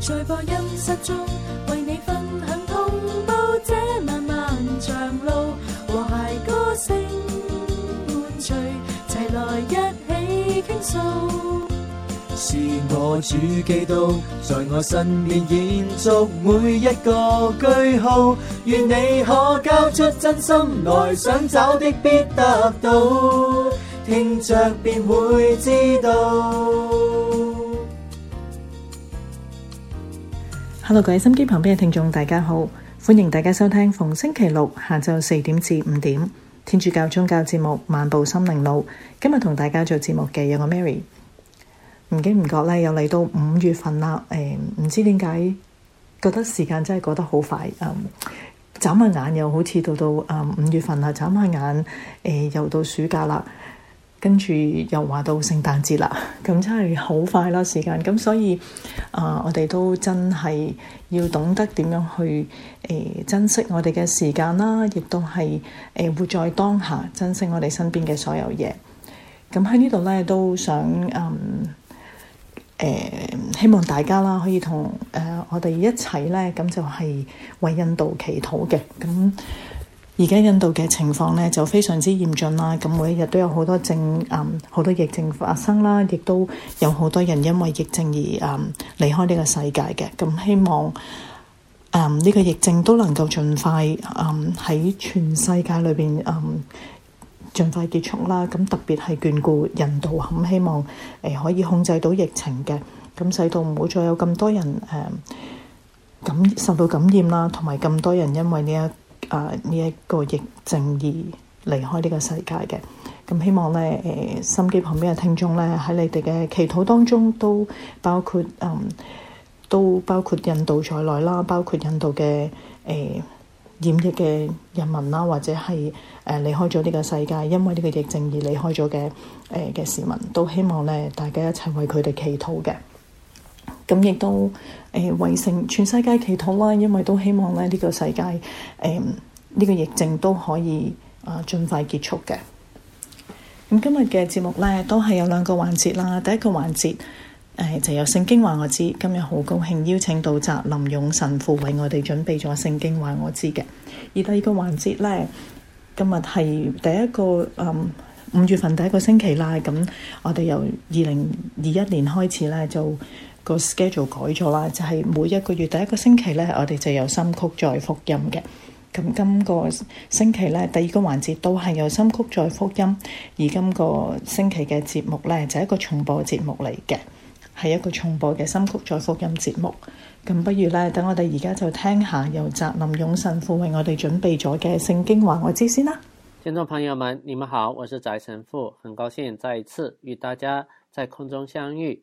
在播音室中，為你分享同走這漫漫長路，和諧歌聲伴隨，齊來一起傾訴。是我主記到在我身邊延續每一個句號，願你可交出真心來，想找的必得到，聽着，便會知道。Hello，各位心機旁邊嘅聽眾，大家好，歡迎大家收聽逢星期六下晝四點至五點天主教宗教節目《漫步心靈路》。今日同大家做節目嘅有個 Mary，唔經唔覺咧，又嚟到五月份啦。誒、欸，唔知點解覺得時間真係過得好快，眨、嗯、下眼又好似到到五、嗯、月份啦，眨下眼誒、欸、又到暑假啦。跟住又話到聖誕節啦，咁真係好快咯時間，咁所以啊、呃，我哋都真係要懂得點樣去誒、呃、珍惜我哋嘅時間啦，亦都係誒、呃、活在當下，珍惜我哋身邊嘅所有嘢。咁喺呢度呢，都想誒、嗯呃，希望大家啦可以同誒、呃、我哋一齊呢，咁就係為印度祈禱嘅咁。而家印度嘅情況咧就非常之嚴峻啦，咁每一日都有好多症，嗯，好多疫症發生啦，亦都有好多人因為疫症而嗯離開呢個世界嘅。咁希望，嗯呢個疫症都能夠盡快嗯喺全世界裏邊嗯盡快結束啦。咁特別係眷顧印度，咁希望誒可以控制到疫情嘅，咁使到唔會再有咁多人誒感受到感染啦，同埋咁多人因為呢一誒，呢一、啊，這個疫症而離開呢個世界嘅。咁，希望咧誒、呃，心機旁邊嘅聽眾咧喺你哋嘅祈禱當中都包括嗯，都包括印度在內啦，包括印度嘅誒、呃、染疫嘅人民啦，或者係誒、呃、離開咗呢個世界，因為呢個疫症而離開咗嘅誒嘅市民，都希望咧大家一齊為佢哋祈禱嘅。咁亦都誒、呃、為成全世界祈禱啦，因為都希望咧呢個世界誒呢、呃呢個疫症都可以啊、呃，盡快結束嘅。咁今日嘅節目咧都係有兩個環節啦。第一個環節誒、呃、就由聖經話我知，今日好高興邀請到澤林勇神父為我哋準備咗《聖經話我知》嘅。而第二個環節咧，今日係第一個誒五、嗯、月份第一個星期啦。咁我哋由二零二一年開始咧就個 schedule 改咗啦，就係、是、每一個月第一個星期咧，我哋就有深曲再福音嘅。咁今個星期咧，第二個環節都係有深曲再福音。而今個星期嘅節目咧，就係一個重播嘅節目嚟嘅，係一個重播嘅深曲再福音節目。咁不如咧，等我哋而家就聽下由翟林勇神父為我哋準備咗嘅聖經話我知先啦。聽眾朋友們，你們好，我是翟神父，很高興再一次與大家在空中相遇。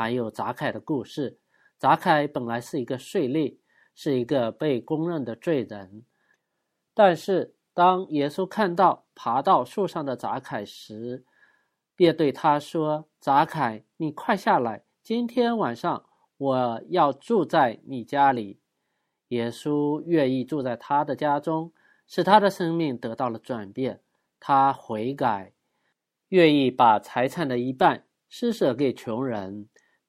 還有雜凱的故事，雜凱本來是一個稅吏，是一個被公認的罪人。但是當耶穌看到爬到樹上的雜凱時，便對他說：雜凱，你快下來，今天晚上我要住在你家裏。耶穌願意住在他的家中，使他的生命得到了轉變。他悔改，願意把財產的一半施捨給窮人。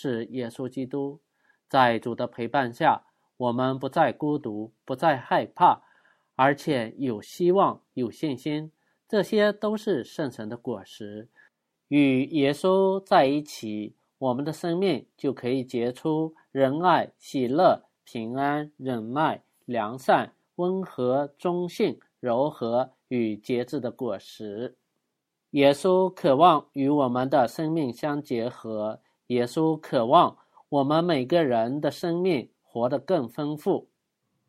是耶穌基督，在主的陪伴下，我們不再孤獨，不再害怕，而且有希望、有信心，這些都是聖神的果實。與耶穌在一起，我們的生命就可以結出仁愛、喜樂、平安、忍耐、良善、温和、忠信、柔和與節制的果實。耶穌渴望與我們的生命相結合。耶穌渴望我們每個人的生命活得更豐富，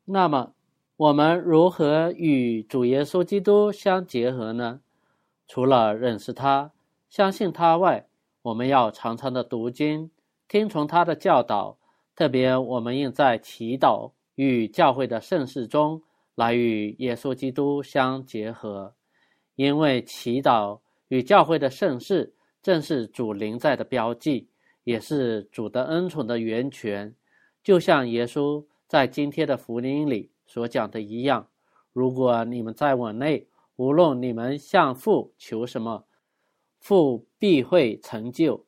那麼我們如何與主耶穌基督相結合呢？除了認識他、相信他外，我們要常常的讀經、聽從他的教導，特別我們應在祈禱與教會的聖事中來與耶穌基督相結合，因為祈禱與教會的聖事正是主臨在的標記。也是主的恩寵的源泉，就像耶穌在今天的福音裏所講的一樣，如果你們在我內，無論你們向父求什麼，父必會成就。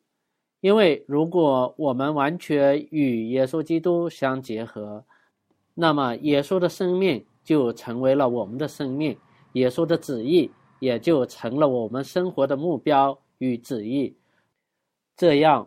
因為如果我們完全與耶穌基督相結合，那麼耶穌的生命就成為了我們的生命，耶穌的旨意也就成了我們生活的目標與旨意。這樣，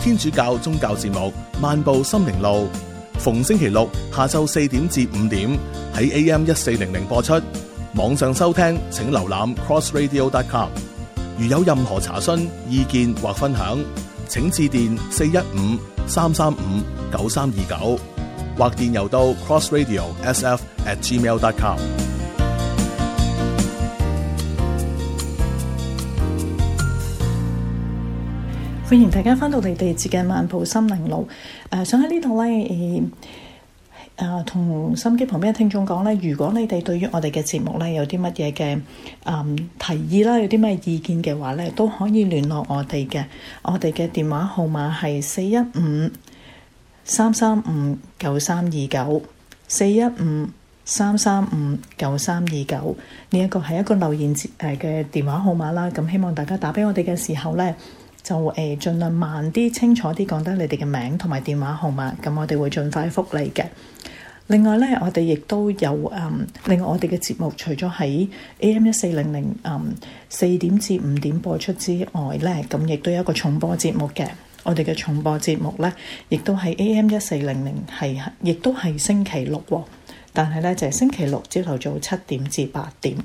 天主教宗教節目《漫步心靈路》，逢星期六下晝四點至五點喺 AM 一四零零播出。網上收聽請瀏覽 crossradio.com。如有任何查詢、意見或分享，請致電四一五三三五九三二九，29, 或電郵到 crossradio.sf@gmail.com。歡迎大家翻到我哋第二節嘅漫步心靈路。誒、呃,想喺呢度咧誒，同、呃呃、心機旁邊嘅聽眾講咧,如果你哋對於我哋嘅節目咧有啲乜嘢嘅誒提議啦,有啲咩意見嘅話咧,都可以聯絡我哋嘅,我哋嘅電話號碼係四一五三三五九三二九四一五三三五九三二九，呢一個係一個留言誒嘅電話號碼啦。咁希望大家打俾我哋嘅時候咧，就誒盡量慢啲、清楚啲講得你哋嘅名同埋電話號碼，咁我哋會盡快覆你嘅。另外咧，我哋亦都有誒、嗯，另外我哋嘅節目除咗喺 AM 一四零零誒四點至五點播出之外咧，咁亦都有一個重播節目嘅。我哋嘅重播節目咧，亦都喺 AM 一四零零係，亦都係星期六、哦，但係咧就係、是、星期六朝頭早七點至八點。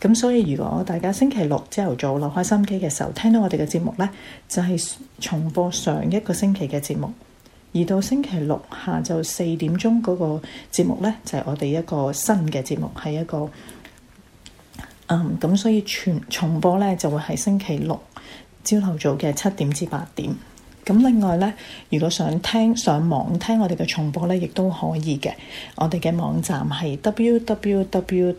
咁所以如果大家星期六朝頭早留開心機嘅時候，聽到我哋嘅節目呢，就係、是、重播上一個星期嘅節目；而到星期六下晝四點鐘嗰個節目呢，就係、是、我哋一個新嘅節目，係一個咁，嗯、所以全重播呢，就會係星期六朝頭早嘅七點至八點。咁另外呢，如果想聽上網聽我哋嘅重播呢，亦都可以嘅。我哋嘅網站係 www.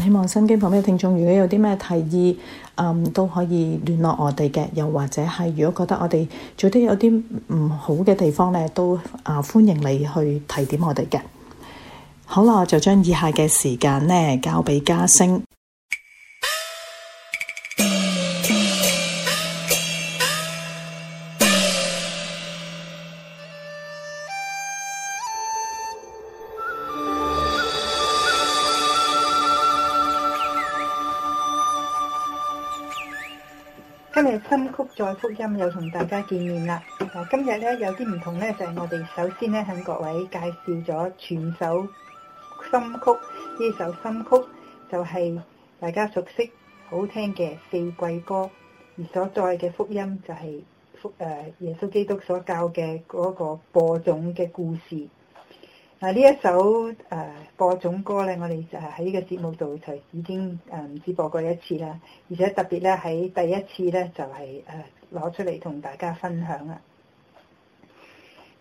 希望新京廣播嘅聽眾，如果有啲咩提議，誒、嗯、都可以聯絡我哋嘅，又或者係如果覺得我哋做得有啲唔好嘅地方咧，都啊歡迎你去提點我哋嘅。好啦，我就將以下嘅時間咧交俾嘉升。心曲再福音又同大家見面啦。今日咧有啲唔同咧，就係、是、我哋首先咧向各位介紹咗全首心曲，呢首心曲，就係大家熟悉好聽嘅四季歌，而所在嘅福音就係福、誒、耶穌基督所教嘅嗰個播種嘅故事。嗱呢一首誒播種歌咧，我哋就係喺呢個節目度就已經誒唔止播過一次啦，而且特別咧喺第一次咧就係誒攞出嚟同大家分享啦！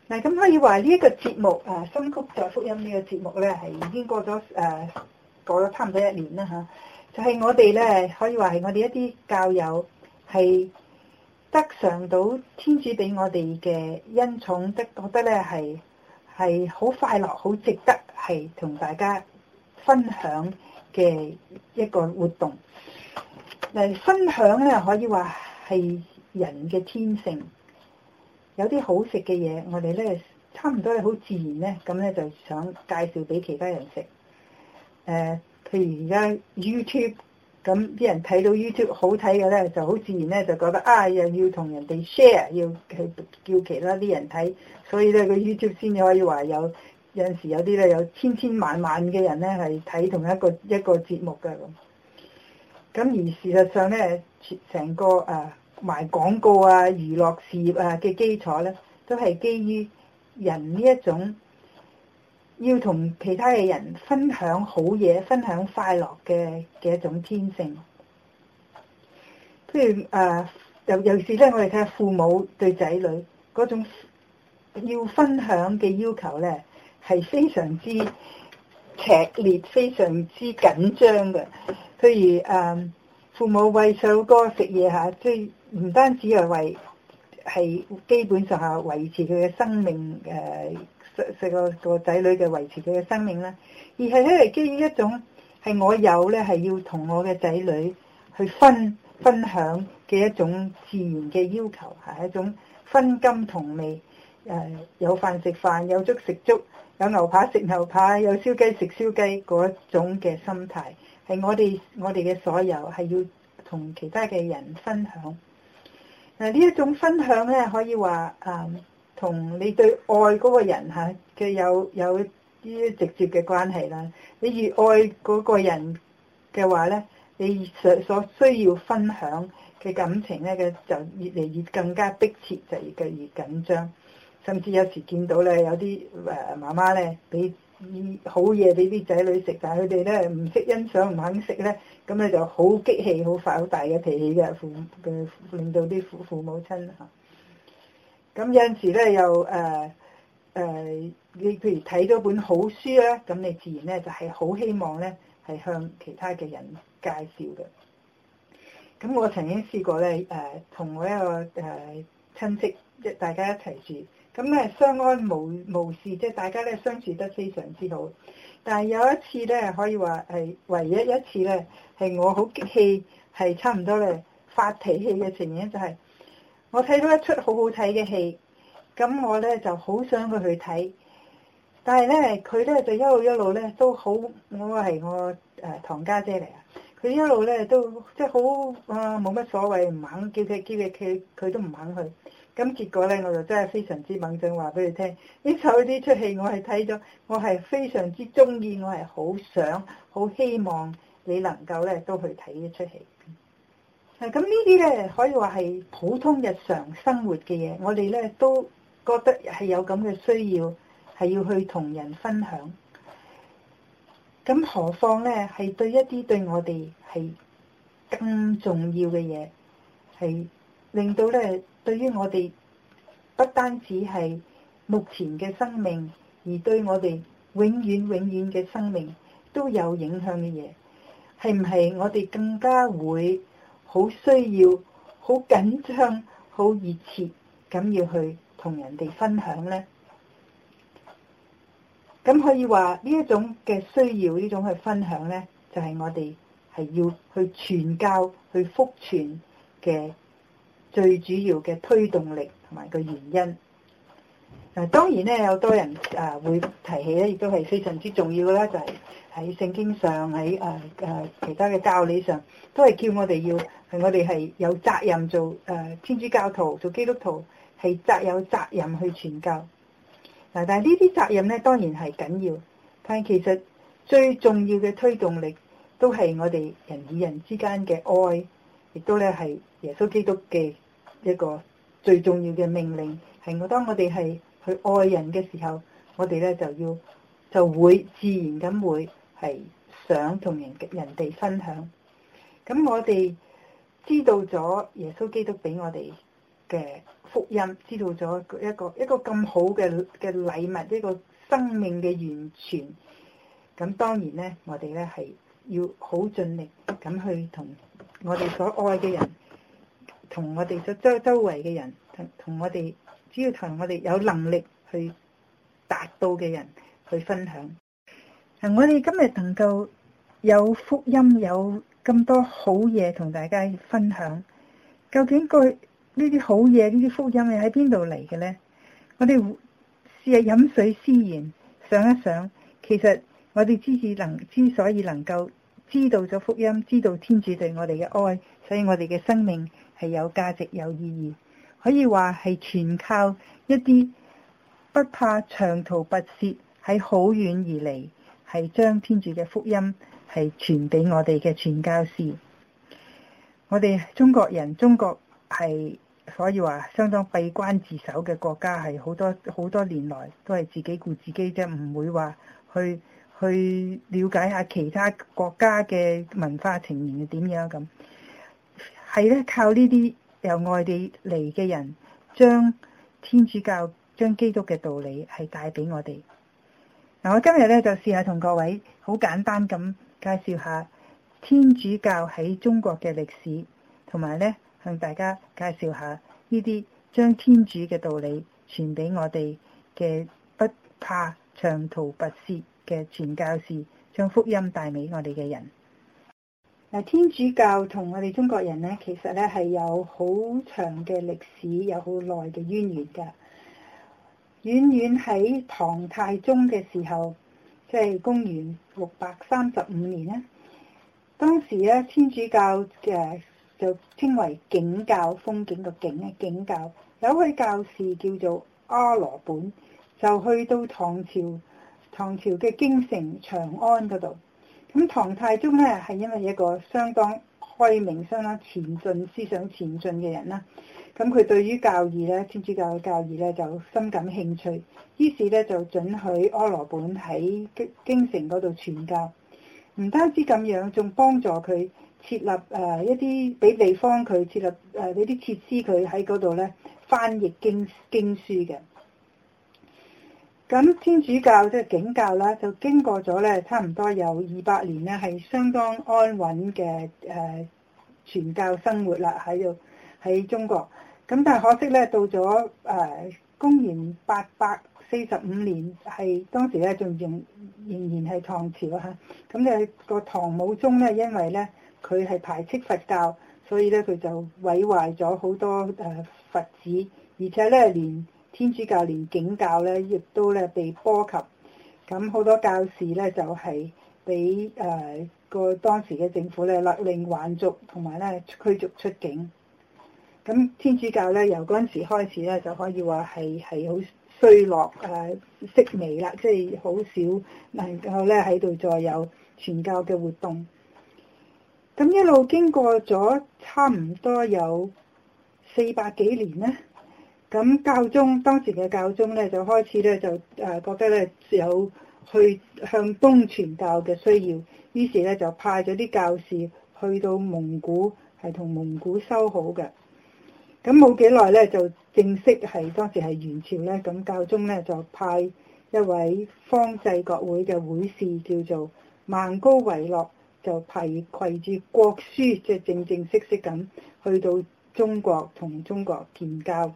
嗱，咁可以話呢一個節目啊，《新曲再福音》呢、呢個節目咧，係已經過咗誒過咗差唔多一年啦嚇，就係、係、我哋咧可以話係我哋一啲教友係得上到天主俾我哋嘅恩寵的，覺得咧係。係好快樂、好值得係同大家分享嘅一個活動。嚟分享咧，可以話係人嘅天性。有啲好食嘅嘢，我哋咧差唔多係好自然咧，咁咧就想介紹俾其他人食。誒、呃，譬如而家 YouTube。咁啲人睇到 YouTube 好睇嘅咧，就好自然咧就覺得啊又要同人哋 share，要去叫其他啲人睇，所以咧個 YouTube 先至可以話有有陣時有啲咧有千千萬萬嘅人咧係睇同一個一個節目嘅咁。咁而事實上咧，成個誒賣、啊、廣告啊、娛樂事業啊嘅基礎咧，都係基於人呢一種。要同其他嘅人分享好嘢，分享快樂嘅嘅一種天性。譬如誒，尤、呃、尤其是咧，我哋睇下父母對仔女嗰種要分享嘅要求咧，係非常之劇烈、非常之緊張嘅。譬如誒、呃，父母餵首歌食嘢嚇，即係唔單止係為係基本上係維持佢嘅生命誒。呃食食個個仔女嘅維持佢嘅生命啦，而係咧係基於一種係我有咧係要同我嘅仔女去分分享嘅一種自然嘅要求，係一種分甘同味，誒，有飯食飯，有粥食粥，有牛扒食牛扒，有燒雞食燒雞嗰種嘅心態，係我哋我哋嘅所有係要同其他嘅人分享。嗱，呢一種分享咧可以話誒。同你對愛嗰個人嚇嘅有有啲直接嘅關係啦。你越愛嗰個人嘅話咧，你所所需要分享嘅感情咧，嘅就越嚟越更加迫切，就越嚟越，越緊張。甚至有時見到咧，有啲誒媽媽咧俾好嘢俾啲仔女食，但係佢哋咧唔識欣賞，唔肯食咧，咁你就好激氣，好發好大嘅脾氣嘅父嘅令到啲父父母親嚇。咁有陣時咧，又誒誒，你譬如睇咗本好書咧，咁你自然咧就係、是、好希望咧，係向其他嘅人介紹嘅。咁我曾經試過咧，誒、呃、同我一個誒親戚即係大家一齊住，咁咧相安無無事，即係大家咧相處得非常之好。但係有一次咧，可以話係唯一一次咧，係我好激氣，係差唔多咧發脾氣嘅情形就係、是。我睇到一出好好睇嘅戲，咁我咧就好想佢去睇，但係咧佢咧就一路一路咧都好，我係我誒、呃、唐家姐嚟啊，佢一路咧都即係好啊冇乜所謂，唔肯叫佢叫佢佢佢都唔肯去，咁結果咧我就真係非常之猛進話俾你聽，呢首呢出戲我係睇咗，我係非常之中意，我係好想好希望你能夠咧都去睇呢出戲。咁呢啲咧，可以話係普通日常生活嘅嘢，我哋咧都覺得係有咁嘅需要，係要去同人分享。咁何況咧，係對一啲對我哋係更重要嘅嘢，係令到咧對於我哋不單止係目前嘅生命，而對我哋永遠永遠嘅生命都有影響嘅嘢，係唔係我哋更加會好需要，好緊張，好熱切咁要去同人哋分享咧。咁可以話呢一種嘅需要，呢種去分享咧，就係、是、我哋係要去傳教、去福傳嘅最主要嘅推動力同埋個原因。嗱，當然咧，有多人啊會提起咧，亦都係非常之重要嘅啦。就係、是、喺聖經上，喺誒誒其他嘅教理上，都係叫我哋要。係我哋係有責任，做誒天主教徒、做基督徒係責有責任去傳教。嗱，但係呢啲責任咧當然係緊要，但係其實最重要嘅推動力都係我哋人與人之間嘅愛，亦都咧係耶穌基督嘅一個最重要嘅命令。係我當我哋係去愛人嘅時候，我哋咧就要就會自然咁會係想同人人哋分享。咁我哋。知道咗耶穌基督俾我哋嘅福音，知道咗一個一個咁好嘅嘅禮物，一個生命嘅源泉，咁當然咧，我哋咧係要好盡力咁去同我哋所愛嘅人，同我哋所周周圍嘅人，同同我哋，只要同我哋有能力去達到嘅人去分享。嗱，我哋今日能夠有福音有。咁多好嘢同大家分享，究竟佢呢啲好嘢呢啲福音係喺邊度嚟嘅咧？我哋試下飲水思源，想一想，其實我哋之至能之所以能夠知道咗福音，知道天主對我哋嘅愛，所以我哋嘅生命係有價值有意義，可以話係全靠一啲不怕長途跋涉喺好遠而嚟，係將天主嘅福音。係傳俾我哋嘅傳教士，我哋中國人，中國係所以話相當閉關自守嘅國家，係好多好多年來都係自己顧自己啫，唔會話去去了解下其他國家嘅文化情形點樣咁。係咧靠呢啲由外地嚟嘅人，將天主教、將基督嘅道理係帶俾我哋。嗱，我今日咧就試下同各位好簡單咁。介紹下天主教喺中國嘅歷史，同埋咧向大家介紹下呢啲將天主嘅道理傳俾我哋嘅不怕長途跋涉嘅傳教士，將福音帶俾我哋嘅人。嗱，天主教同我哋中國人咧，其實咧係有好長嘅歷史，有好耐嘅淵源㗎。遠遠喺唐太宗嘅時候，即係公元六百三十五年咧，當時咧天主教嘅就稱為景教，風景嘅景嘅景教，有一位教士叫做阿羅本，就去到唐朝，唐朝嘅京城長安嗰度。咁唐太宗咧係因為一個相當開明、相當前進思想前進嘅人啦。咁佢對於教義咧，天主教嘅教義咧就深感興趣，於是咧就准許阿羅本喺京京城嗰度傳教。唔單止咁樣，仲幫助佢設立誒一啲俾地方佢設立誒俾啲設施，佢喺嗰度咧翻譯經經書嘅。咁天主教即係、就是、景教咧，就經過咗咧差唔多有二百年咧，係相當安穩嘅誒、呃、傳教生活啦，喺度喺中國。咁但係可惜咧，到咗誒公元八百四十五年，係當時咧仲仍仍然係唐朝嚇。咁誒個唐武宗咧，因為咧佢係排斥佛教，所以咧佢就毀壞咗好多誒佛寺，而且咧連天主教連景教咧，亦都咧被波及。咁好多教士咧就係俾誒個當時嘅政府咧勒令還俗同埋咧驅逐出境。咁天主教咧，由嗰陣時開始咧，就可以話係係好衰落，誒式微啦，即係好少能夠咧喺度再有傳教嘅活動。咁一路經過咗差唔多有四百幾年咧，咁教宗當時嘅教宗咧，就開始咧就誒覺得咧有去向東傳教嘅需要，於是咧就派咗啲教士去到蒙古，係同蒙古修好嘅。咁冇幾耐咧，呢就正式係當時係元朝咧，咁教宗咧就派一位方濟各會嘅會士叫做孟高維諾，就派攜住國書，即係正正式式咁去到中國，同中國建交。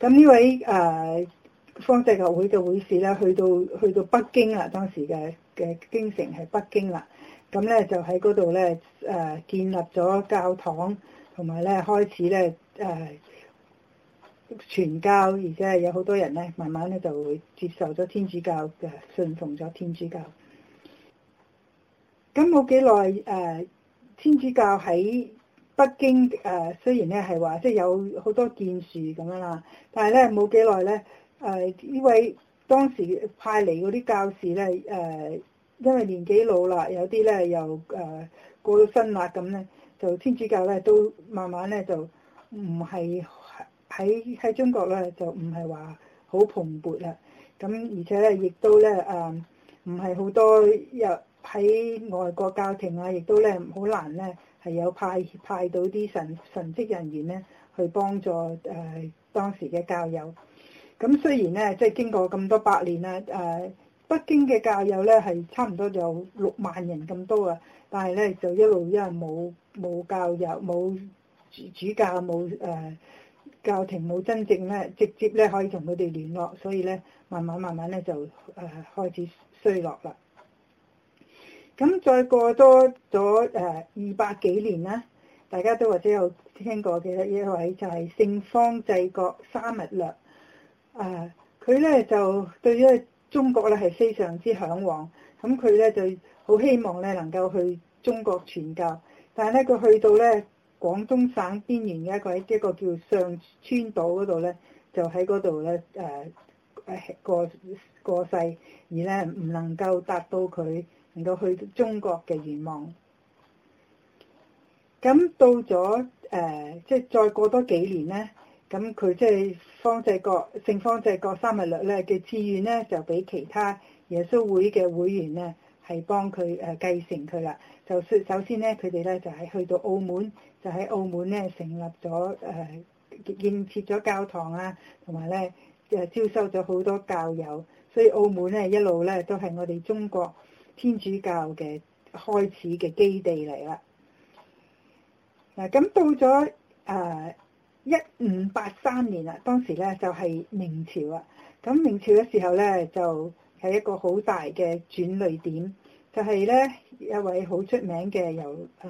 咁呢位誒、啊、方濟各會嘅會士咧，去到去到北京啦，當時嘅嘅京城係北京啦。咁咧就喺嗰度咧誒建立咗教堂。同埋咧，開始咧，誒、呃、傳教，而且有好多人咧，慢慢咧就會接受咗天主教嘅，信奉咗天主教。咁冇幾耐誒，天主教喺北京誒、呃，雖然咧係話即係有好多建樹咁樣啦，但係咧冇幾耐咧誒，呢位、呃、當時派嚟嗰啲教士咧誒、呃，因為年紀老啦，有啲咧又誒、呃、過咗身喇咁咧。就天主教咧，都慢慢咧就唔係喺喺中國咧，就唔係話好蓬勃啦。咁而且咧，亦都咧誒，唔係好多入喺外國教廷啊，亦都咧好難咧係有派派到啲神神職人員咧去幫助誒、呃、當時嘅教友。咁雖然咧，即係經過咁多百年啦誒。呃北京嘅教友咧係差唔多有六萬人咁多啊，但係咧就一路因為冇冇教友冇主教冇誒、呃、教廷冇真正咧，直接咧可以同佢哋聯絡，所以咧慢慢慢慢咧就誒、呃、開始衰落啦。咁再過多咗誒二百幾年啦，大家都或者有聽過嘅一位就係聖方濟各沙勿略，誒佢咧就對於，中國咧係非常之嚮往，咁佢咧就好希望咧能夠去中國傳教，但係咧佢去到咧廣東省邊緣嘅一個一個叫上川島嗰度咧，就喺嗰度咧誒誒過過世，而咧唔能夠達到佢能夠去中國嘅願望。咁到咗誒，即、呃、係、就係、再過多幾年咧。咁佢即係方濟各，聖方濟各三日略咧嘅志願咧就俾其他耶穌會嘅會員咧係幫佢誒繼承佢啦。就説首先咧，佢哋咧就係去到澳門，就喺澳門咧成立咗誒、呃、建設咗教堂啊，同埋咧誒招收咗好多教友，所以澳門咧一路咧都係我哋中國天主教嘅開始嘅基地嚟啦。嗱，咁到咗誒。一五八三年啦，當時咧就係明朝啊。咁明朝嘅時候咧，就係一個好大嘅轉捩點，就係、是、咧一位好出名嘅由誒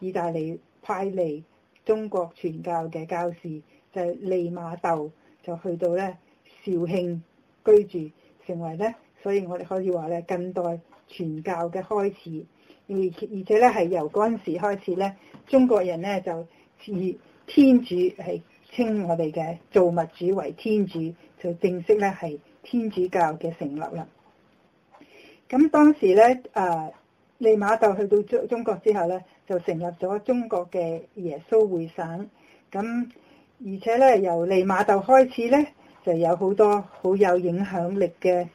意大利派嚟中國傳教嘅教士，就係、利瑪竇就去到咧肇慶居住，成為咧，所以我哋可以話咧近代傳教嘅開始，而而且咧係由嗰陣時開始咧，中國人咧就自。天主係稱我哋嘅造物主為天主，就正式咧係天主教嘅成立啦。咁當時咧，啊利瑪竇去到中中國之後咧，就成立咗中國嘅耶穌會省。咁而且咧，由利瑪竇開始咧，就有好多好有影響力嘅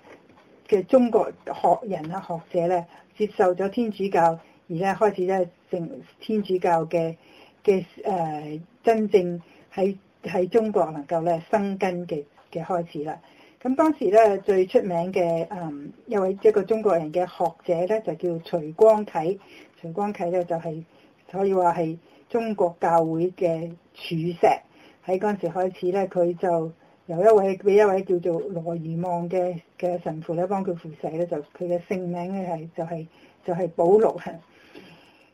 嘅中國學人啊學者咧，接受咗天主教，而咧開始咧成為天主教嘅。嘅誒、呃、真正喺喺中國能夠咧生根嘅嘅開始啦。咁當時咧，最出名嘅誒、嗯、一位一個中國人嘅學者咧就叫徐光啟，徐光啟咧就係、是、可以話係中國教會嘅柱石。喺嗰陣時開始咧，佢就由一位俾一位叫做羅如望嘅嘅神父咧幫佢付洗咧，就佢嘅聖名咧係就係、是、就係保祿。就是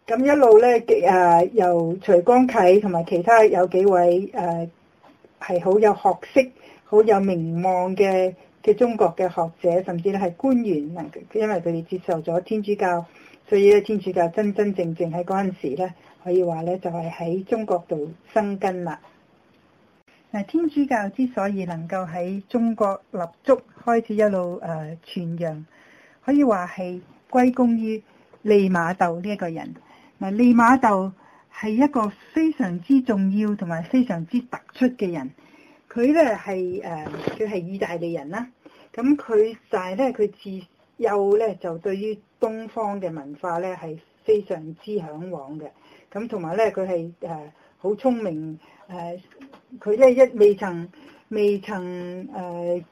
咁一路咧，誒、啊、由徐光啟同埋其他有幾位誒係好有學識、好有名望嘅嘅中國嘅學者，甚至咧係官員，因為佢哋接受咗天主教，所以咧天主教真真正正喺嗰陣時咧，可以話咧就係、是、喺中國度生根啦。嗱，天主教之所以能夠喺中國立足，開始一路誒傳揚，可以話係歸功於利瑪竇呢一個人。嗱，利瑪竇係一個非常之重要同埋非常之突出嘅人，佢咧係誒，佢係、呃、意大利人啦。咁佢就係咧，佢自幼咧就對於東方嘅文化咧係非常之向往嘅。咁同埋咧，佢係誒好聰明誒，佢、呃、咧一未曾未曾誒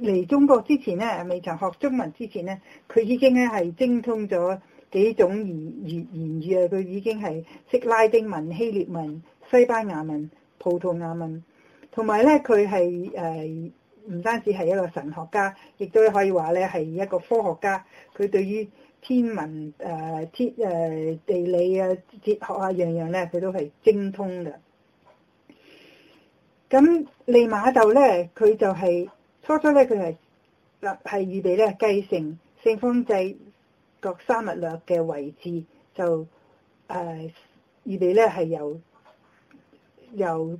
嚟、呃、中國之前咧，未曾學中文之前咧，佢已經咧係精通咗幾種言言言語啊！佢已經係識拉丁文、希臘文、西班牙文、葡萄牙文，同埋咧佢係誒唔單止係一個神學家，亦都可以話咧係一個科學家。佢對於天文誒、呃、天誒、呃、地理啊、哲學啊樣樣咧，佢都係精通嘅。咁利馬竇呢就咧、是，佢就係初初咧，佢係立係預備咧，繼承聖方濟。各三日兩嘅位置就誒，而嚟咧係由由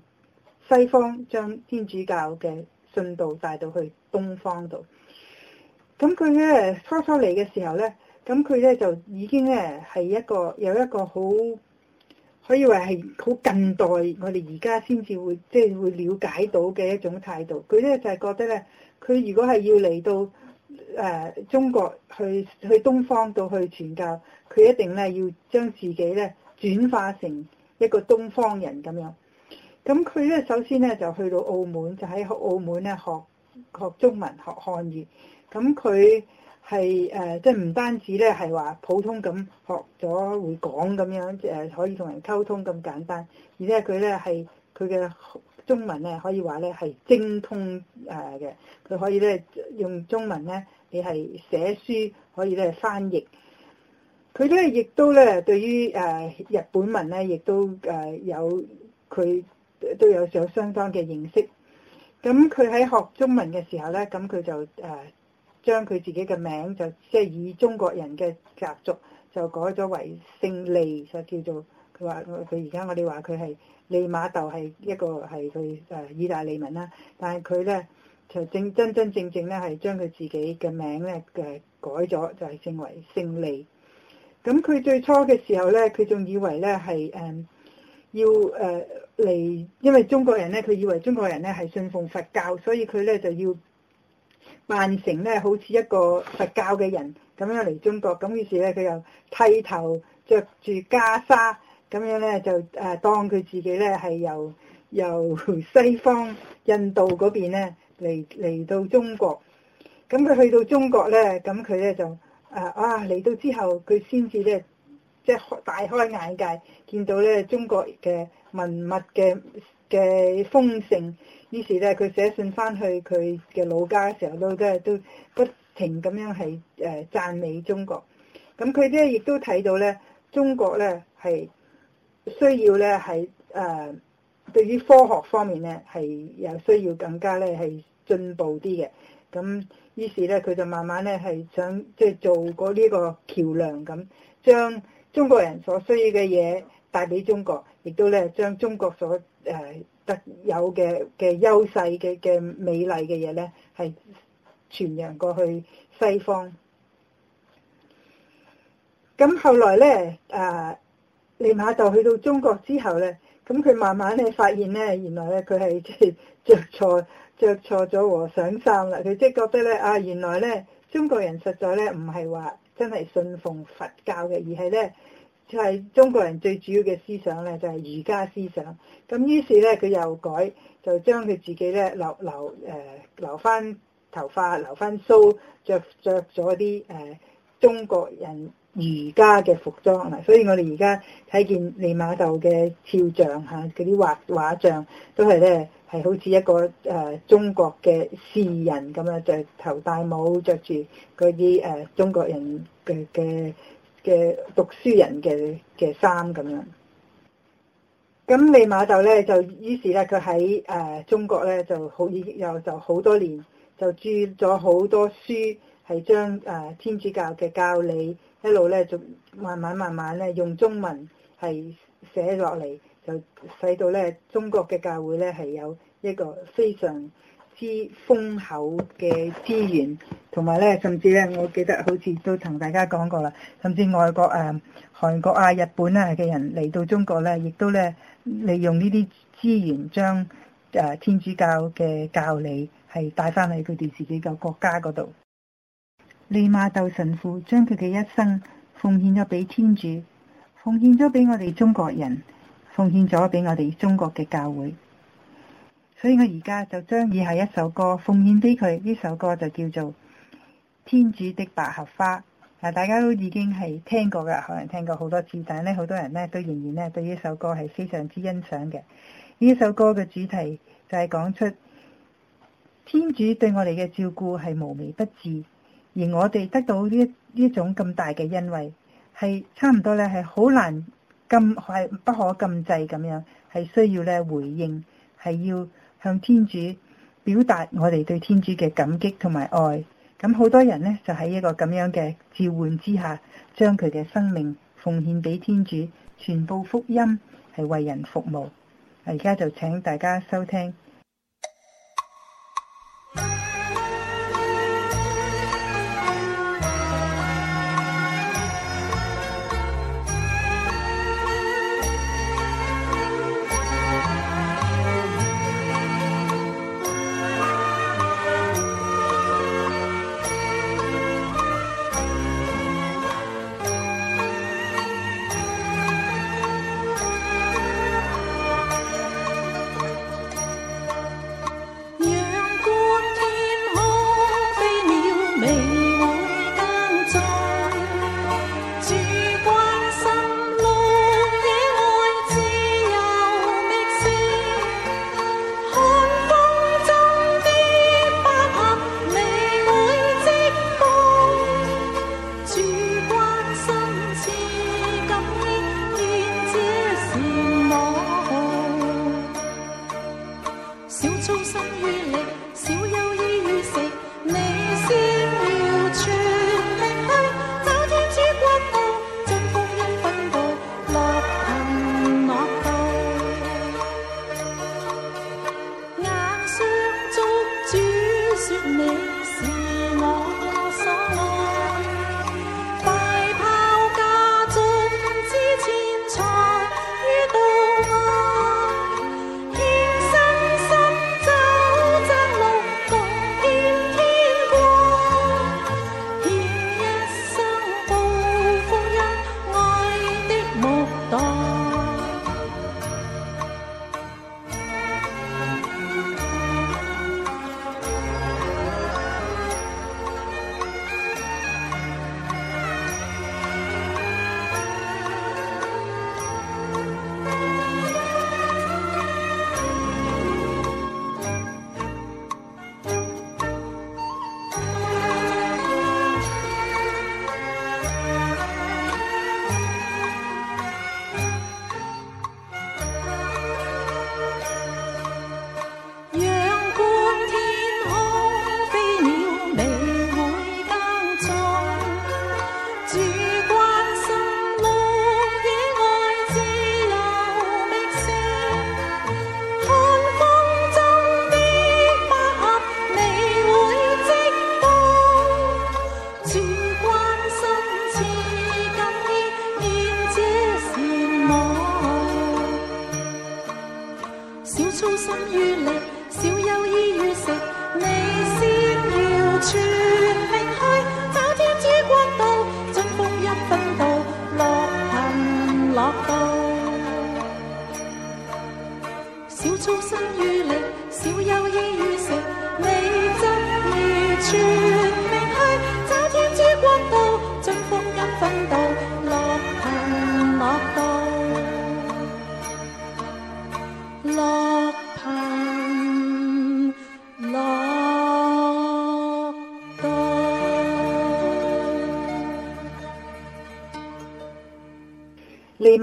西方將天主教嘅信道帶到去東方度。咁佢咧初初嚟嘅時候咧，咁佢咧就已經咧係一個有一個好可以話係好近代，我哋而家先至會即係、就是、會了解到嘅一種態度。佢咧就係、是、覺得咧，佢如果係要嚟到。誒、呃、中國去去東方到去傳教，佢一定咧要將自己咧轉化成一個東方人咁樣。咁佢咧首先咧就去到澳門，就喺澳門咧學學中文學漢語。咁佢係誒即係唔單止咧係話普通咁學咗會講咁樣誒、即係、可以同人溝通咁簡單，而咧佢咧係佢嘅。中文咧可以話咧係精通誒嘅，佢可以咧用中文咧，你係寫書可以咧翻譯。佢咧亦都咧對於誒日本文咧亦都誒有佢都有都有相當嘅認識。咁佢喺學中文嘅時候咧，咁佢就誒將佢自己嘅名就即、係、係以中國人嘅習俗就改咗為姓利，就叫做。話佢而家我哋話佢係利馬竇係一個係佢誒意大利文啦，但係佢咧就正真真正正咧係將佢自己嘅名咧嘅改咗，就係、是、稱為聖利。咁佢最初嘅時候咧，佢仲以為咧係誒要誒嚟，呃，因為中國人咧佢以為中國人咧係信奉佛教，所以佢咧就要扮成咧好似一個佛教嘅人咁樣嚟中國，咁於是咧佢又剃頭着住袈裟。咁樣咧就誒當佢自己咧係由由西方印度嗰邊咧嚟嚟到中國，咁佢去到中國咧，咁佢咧就誒啊嚟到之後佢先至咧即係大開眼界，見到咧中國嘅文物嘅嘅豐盛，於是咧佢寫信返去佢嘅老家嘅時候都都都不停咁樣係誒讚美中國，咁佢咧亦都睇到咧中國咧係。需要咧係誒對於科學方面咧係又需要更加咧係進步啲嘅，咁於是咧佢就慢慢咧係想即係、就是、做過呢個橋梁咁，將中國人所需要嘅嘢帶俾中國，亦都咧將中國所誒得有嘅嘅優勢嘅嘅美麗嘅嘢咧係傳揚過去西方。咁後來咧誒。呃尼瑪就去到中國之後咧，咁佢慢慢咧發現咧，原來咧佢係即係著錯著錯咗和尚衫啦。佢即係覺得咧啊，原來咧中國人實在咧唔係話真係信奉佛教嘅，而係咧就係中國人最主要嘅思想咧就係儒家思想。咁於是咧佢又改，就將佢自己咧留留誒留翻頭髮，留翻鬚，着著咗啲誒中國人。儒家嘅服裝嗱，所以我哋而家睇見利瑪竇嘅肖像嚇，嗰啲畫畫像都係咧係好似一個誒、呃、中國嘅士人咁樣，就頭戴帽，着住嗰啲誒中國人嘅嘅嘅讀書人嘅嘅衫咁樣。咁利瑪竇咧就於是咧佢喺誒中國咧就好有就好多年就著咗好多書，係將誒、呃、天主教嘅教理。一路咧，就慢慢慢慢咧，用中文係寫落嚟，就使到咧中國嘅教會咧係有一個非常之豐厚嘅資源，同埋咧甚至咧，我記得好似都同大家講過啦，甚至外國啊、韓國啊、日本啊嘅人嚟到中國咧，亦都咧利用呢啲資源將誒天主教嘅教理係帶翻去佢哋自己嘅國家嗰度。利瑪竇神父將佢嘅一生奉獻咗俾天主，奉獻咗俾我哋中國人，奉獻咗俾我哋中國嘅教會。所以我而家就將以下一首歌奉獻俾佢，呢首歌就叫做《天主的百合花》。嗱，大家都已經係聽過嘅，可能聽過好多次，但係咧，好多人咧都仍然咧對呢首歌係非常之欣賞嘅。呢首歌嘅主題就係講出天主對我哋嘅照顧係無微不至。而我哋得到呢呢種咁大嘅恩惠，係差唔多咧，係好難禁係不可禁制咁樣，係需要咧回應，係要向天主表達我哋對天主嘅感激同埋愛。咁好多人咧就喺一個咁樣嘅召喚之下，將佢嘅生命奉獻俾天主，傳布福音，係為人服務。而家就請大家收聽。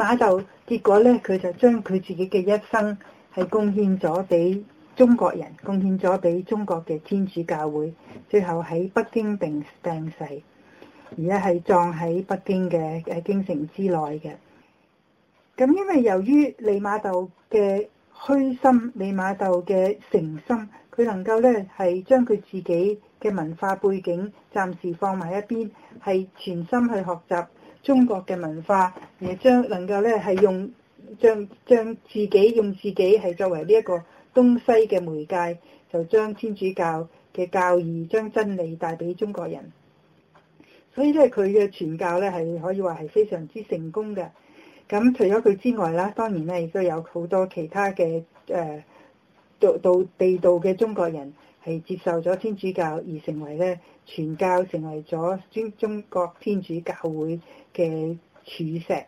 馬竇結果咧，佢就將佢自己嘅一生係貢獻咗俾中國人，貢獻咗俾中國嘅天主教會，最後喺北京定病逝，而家係葬喺北京嘅誒京城之內嘅。咁因為由於利馬竇嘅虛心，利馬竇嘅誠心，佢能夠咧係將佢自己嘅文化背景暫時放埋一邊，係全心去學習。中國嘅文化，而將能夠咧係用將將自己用自己係作為呢一個東西嘅媒介，就將天主教嘅教義將真理帶俾中國人，所以咧佢嘅傳教咧係可以話係非常之成功嘅。咁除咗佢之外啦，當然咧亦都有好多其他嘅誒道道地道嘅中國人係接受咗天主教而成為咧傳教，成為咗中中國天主教會嘅柱石，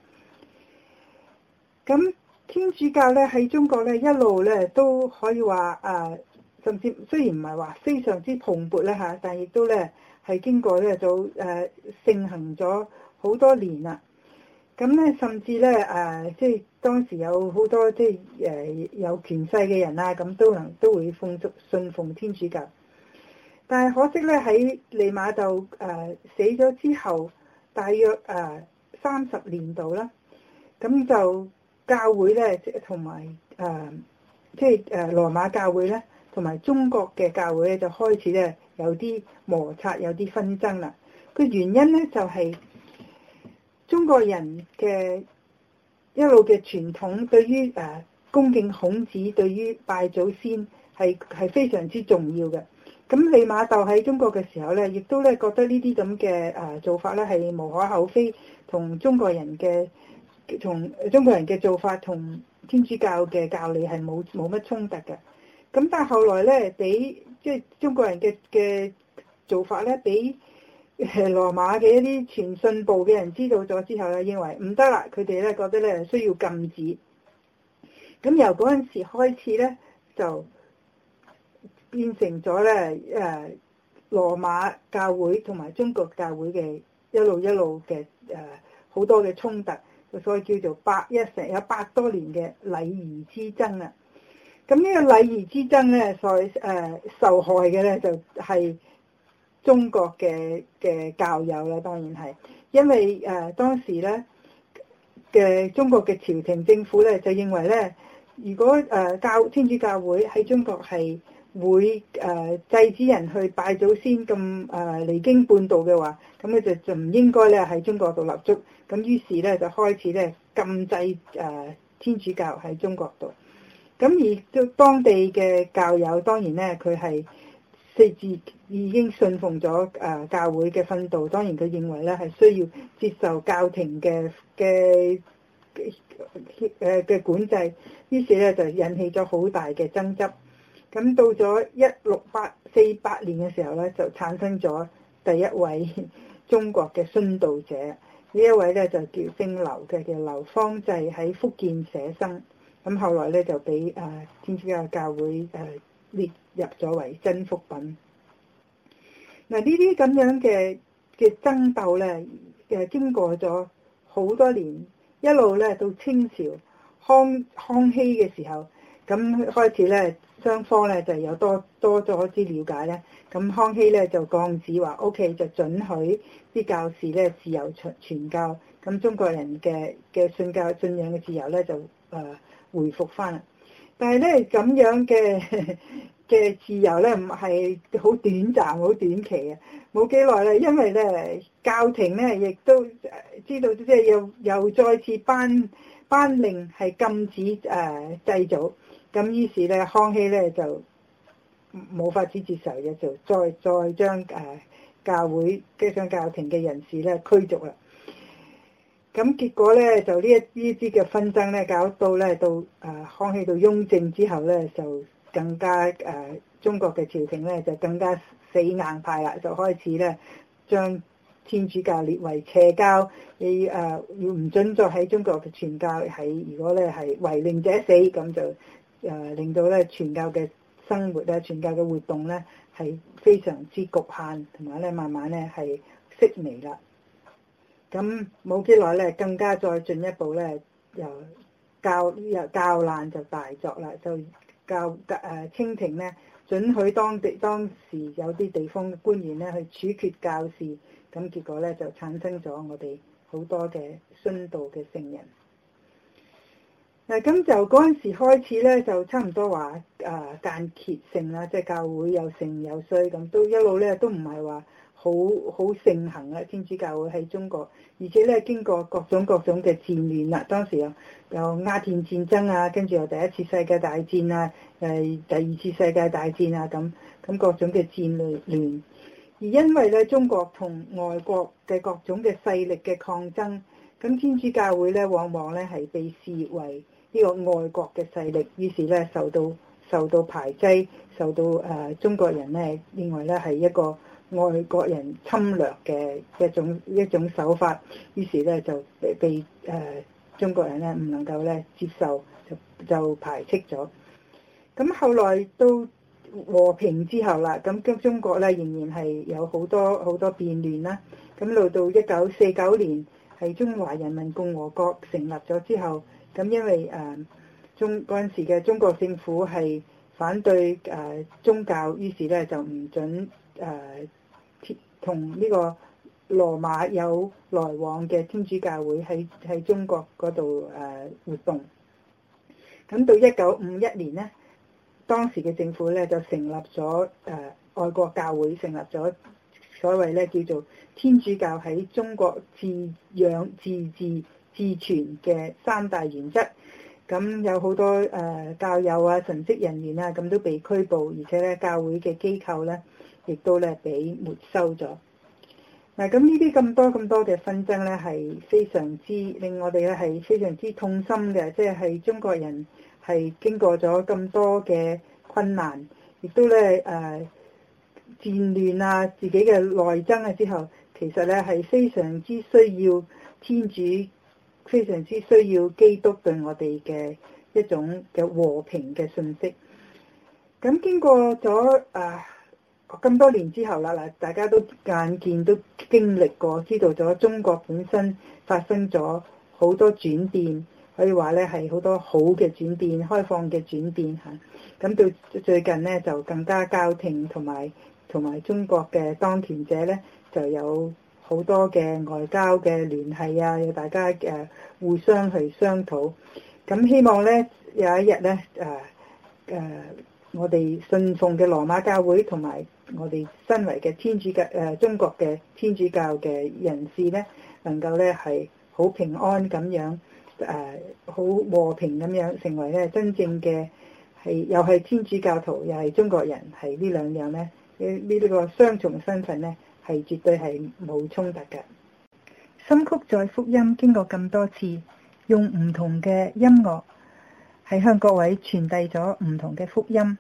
咁天主教咧喺中國咧一路咧都可以話啊，甚至雖然唔係話非常之蓬勃啦嚇，但係亦都咧係經過咧就誒盛行咗好多年啦。咁咧甚至咧誒即係當時有好多即係誒有權勢嘅人啊，咁都能都會奉信奉天主教。但係可惜咧喺利瑪竇誒死咗之後。大約誒三十年度啦，咁就教會咧、呃，即同埋誒，即係誒羅馬教會咧，同埋中國嘅教會咧，就開始咧有啲摩擦，有啲紛爭啦。個原因咧就係、是、中國人嘅一路嘅傳統，對於誒恭敬孔子，對於拜祖先係係非常之重要嘅。咁利瑪竇喺中國嘅時候咧，亦都咧覺得呢啲咁嘅誒做法咧係無可厚非，同中國人嘅同中國人嘅做法同天主教嘅教理係冇冇乜衝突嘅。咁但係後來咧，俾即係中國人嘅嘅做法咧，俾羅馬嘅一啲傳信部嘅人知道咗之後咧，認為唔得啦，佢哋咧覺得咧需要禁止。咁由嗰陣時開始咧，就。變成咗咧誒，羅馬教會同埋中國教會嘅一路一路嘅誒好多嘅衝突，所以叫做百一成有百多年嘅禮儀之爭啦。咁、嗯、呢、這個禮儀之爭咧，所誒、呃、受害嘅咧就係、是、中國嘅嘅教友啦。當然係，因為誒、呃、當時咧嘅中國嘅朝廷政府咧就認為咧，如果誒教天主教會喺中國係會誒、呃、制止人去拜祖先咁誒、呃、離經半道離經叛道嘅話，咁佢就就唔應該咧喺中國度立足。咁於是咧就開始咧禁制誒、呃、天主教喺中國度。咁而對當地嘅教友，當然咧佢係四字已經信奉咗誒、呃、教會嘅訓導，當然佢認為咧係需要接受教廷嘅嘅誒嘅管制。於是咧就引起咗好大嘅爭執。咁到咗一六八四八年嘅時候咧，就產生咗第一位中國嘅殉道者。呢一位咧就叫姓劉嘅，叫劉芳濟，喺福建寫生。咁後來咧就俾誒、呃、天主教教會誒、呃、列入咗為真福品。嗱，呢啲咁樣嘅嘅爭鬥咧，嘅經過咗好多年，一路咧到清朝康康熙嘅時候，咁開始咧。雙方咧就有多多咗啲了解咧，咁康熙咧就降旨話：OK，就准許啲教士咧自由傳傳教，咁中國人嘅嘅信教信仰嘅自由咧就誒、呃、回復翻啦。但係咧咁樣嘅嘅 自由咧唔係好短暫、好短期嘅，冇幾耐啦，因為咧教廷咧亦都知道即係又又再次頒頒令係禁止誒製、呃、造。咁於是咧，康熙咧就冇法子接受嘅，就再再將誒、呃、教會跟上教廷嘅人士咧驅逐啦。咁結果咧，就呢一啲啲嘅紛爭咧，搞到咧到誒、呃、康熙到雍正之後咧，就更加誒、呃、中國嘅朝廷咧就更加死硬派啦，就開始咧將天主教列為邪、呃、教，要誒要唔準再喺中國傳教，喺如果咧係違令者死咁就。誒令到咧傳教嘅生活啊，傳教嘅活動咧係非常之局限，同埋咧慢慢咧係式微啦。咁冇幾耐咧，更加再進一步咧，由教又教難就大作啦，就教誒、呃、清廷咧准許當地當時有啲地方官員咧去處決教士，咁結果咧就產生咗我哋好多嘅殉道嘅聖人。嗱，咁就嗰陣時開始咧，就差唔多話啊、呃、間歇性啦，即係教會有盛有衰咁，都一路咧都唔係話好好盛行啊。天主教會喺中國，而且咧經過各種各種嘅戰亂啦，當時又又鴉片戰爭啊，跟住又第一次世界大戰啊，誒第二次世界大戰啊咁，咁各種嘅戰亂、嗯，而因為咧中國同外國嘅各種嘅勢力嘅抗爭。咁天主教會咧，往往咧係被視為呢個外國嘅勢力，於是咧受到受到排擠，受到誒、呃、中國人咧認為咧係一個外國人侵略嘅一種一種手法，於是咧就被誒、呃、中國人咧唔能夠咧接受，就就排斥咗。咁後來到和平之後啦，咁中中國咧仍然係有好多好多變亂啦。咁到到一九四九年。係中華人民共和國成立咗之後，咁因為誒、啊、中嗰陣時嘅中國政府係反對誒、啊、宗教，於是咧就唔準誒同呢個羅馬有來往嘅天主教會喺喺中國嗰度誒活動。咁到一九五一年咧，當時嘅政府咧就成立咗誒愛國教會，成立咗。所謂咧叫做天主教喺中國自養自治自，自存嘅三大原則，咁有好多誒、呃、教友啊、神職人員啊，咁都被拘捕，而且咧教會嘅機構咧，亦都咧俾沒收咗。嗱，咁呢啲咁多咁多嘅紛爭咧，係非常之令我哋咧係非常之痛心嘅，即係係中國人係經過咗咁多嘅困難，亦都咧誒。呃戰亂啊，自己嘅內爭啊之後，其實咧係非常之需要天主，非常之需要基督對我哋嘅一種嘅和平嘅信息。咁經過咗啊咁多年之後啦，嗱大家都眼見都經歷過，知道咗中國本身發生咗好多轉變，可以話咧係好多好嘅轉變、開放嘅轉變嚇。咁到最近咧就更加交替同埋，同埋中國嘅當權者咧，就有好多嘅外交嘅聯繫啊，要大家誒互相去商討咁，希望咧有一日咧誒誒，我哋信奉嘅羅馬教會同埋我哋身為嘅天主教誒、啊、中國嘅天主教嘅人士咧，能夠咧係好平安咁樣誒，好、啊、和平咁樣成為咧真正嘅係又係天主教徒，又係中國人，係呢兩樣咧。呢呢個雙重身份呢，係絕對係冇衝突㗎。心曲在福音經過咁多次，用唔同嘅音樂，係向各位傳遞咗唔同嘅福音，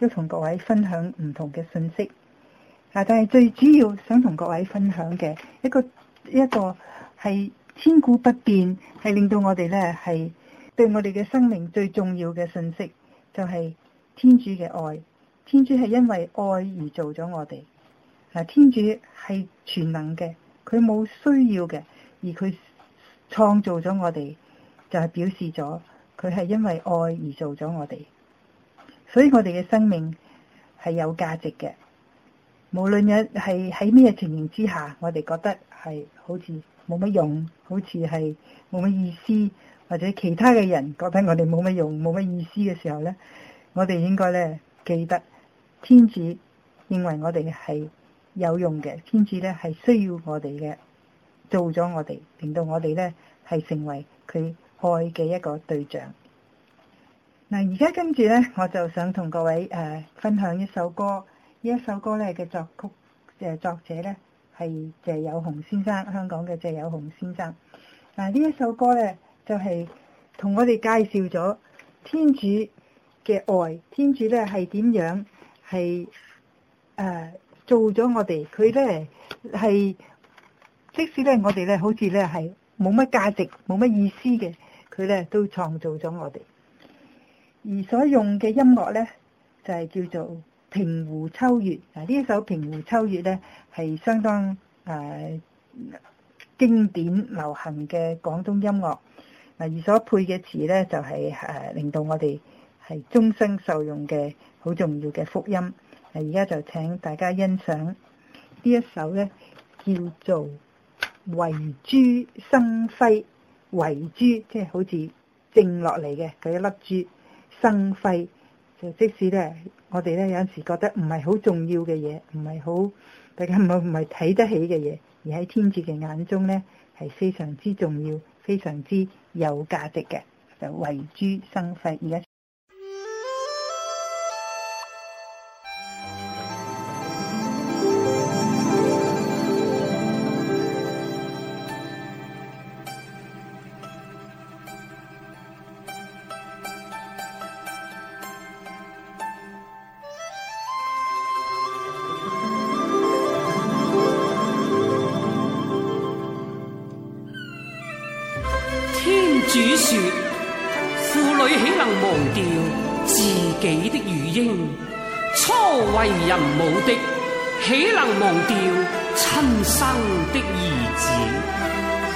要同各位分享唔同嘅信息。嗱，但係最主要想同各位分享嘅一個一個係千古不變，係令到我哋呢，係對我哋嘅生命最重要嘅信息，就係天主嘅愛。天主係因為愛而做咗我哋，嗱，天主係全能嘅，佢冇需要嘅，而佢創造咗我哋，就係表示咗佢係因為愛而做咗我哋，所以我哋嘅生命係有價值嘅，無論有係喺咩情形之下，我哋覺得係好似冇乜用，好似係冇乜意思，或者其他嘅人覺得我哋冇乜用、冇乜意思嘅時候咧，我哋應該咧記得。天主認為我哋係有用嘅，天主咧係需要我哋嘅，做咗我哋，令到我哋咧係成為佢愛嘅一個對象。嗱，而家跟住咧，我就想同各位誒分享一首歌，呢一首歌咧嘅作曲嘅作者咧係謝有雄先生，香港嘅謝有雄先生。嗱，呢一首歌咧就係同我哋介紹咗天主嘅愛，天主咧係點樣？係誒、呃、做咗我哋，佢咧係即使咧我哋咧好似咧係冇乜價值、冇乜意思嘅，佢咧都創造咗我哋。而所用嘅音樂咧就係、是、叫做《平湖秋月》啊！呢一首《平湖秋月》咧係相當誒、呃、經典流行嘅廣東音樂，而所配嘅詞咧就係、是、誒、呃、令到我哋。係終生受用嘅好重要嘅福音。誒，而家就請大家欣賞呢一首咧，叫做《遺珠生輝》。遺珠即係好似正落嚟嘅嗰一粒珠生輝。就即使咧，我哋咧有陣時覺得唔係好重要嘅嘢，唔係好大家唔係唔係睇得起嘅嘢，而喺天主嘅眼中咧，係非常之重要、非常之有價值嘅。就遺珠生輝，而家。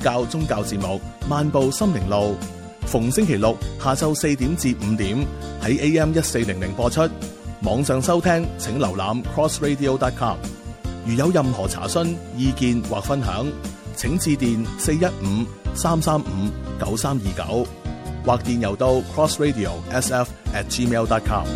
教宗教節目《漫步心靈路》，逢星期六下晝四點至五點喺 AM 一四零零播出。網上收聽，請瀏覽 crossradio.com。如有任何查詢、意見或分享，請致電四一五三三五九三二九，或電郵到 crossradiosf@gmail.com。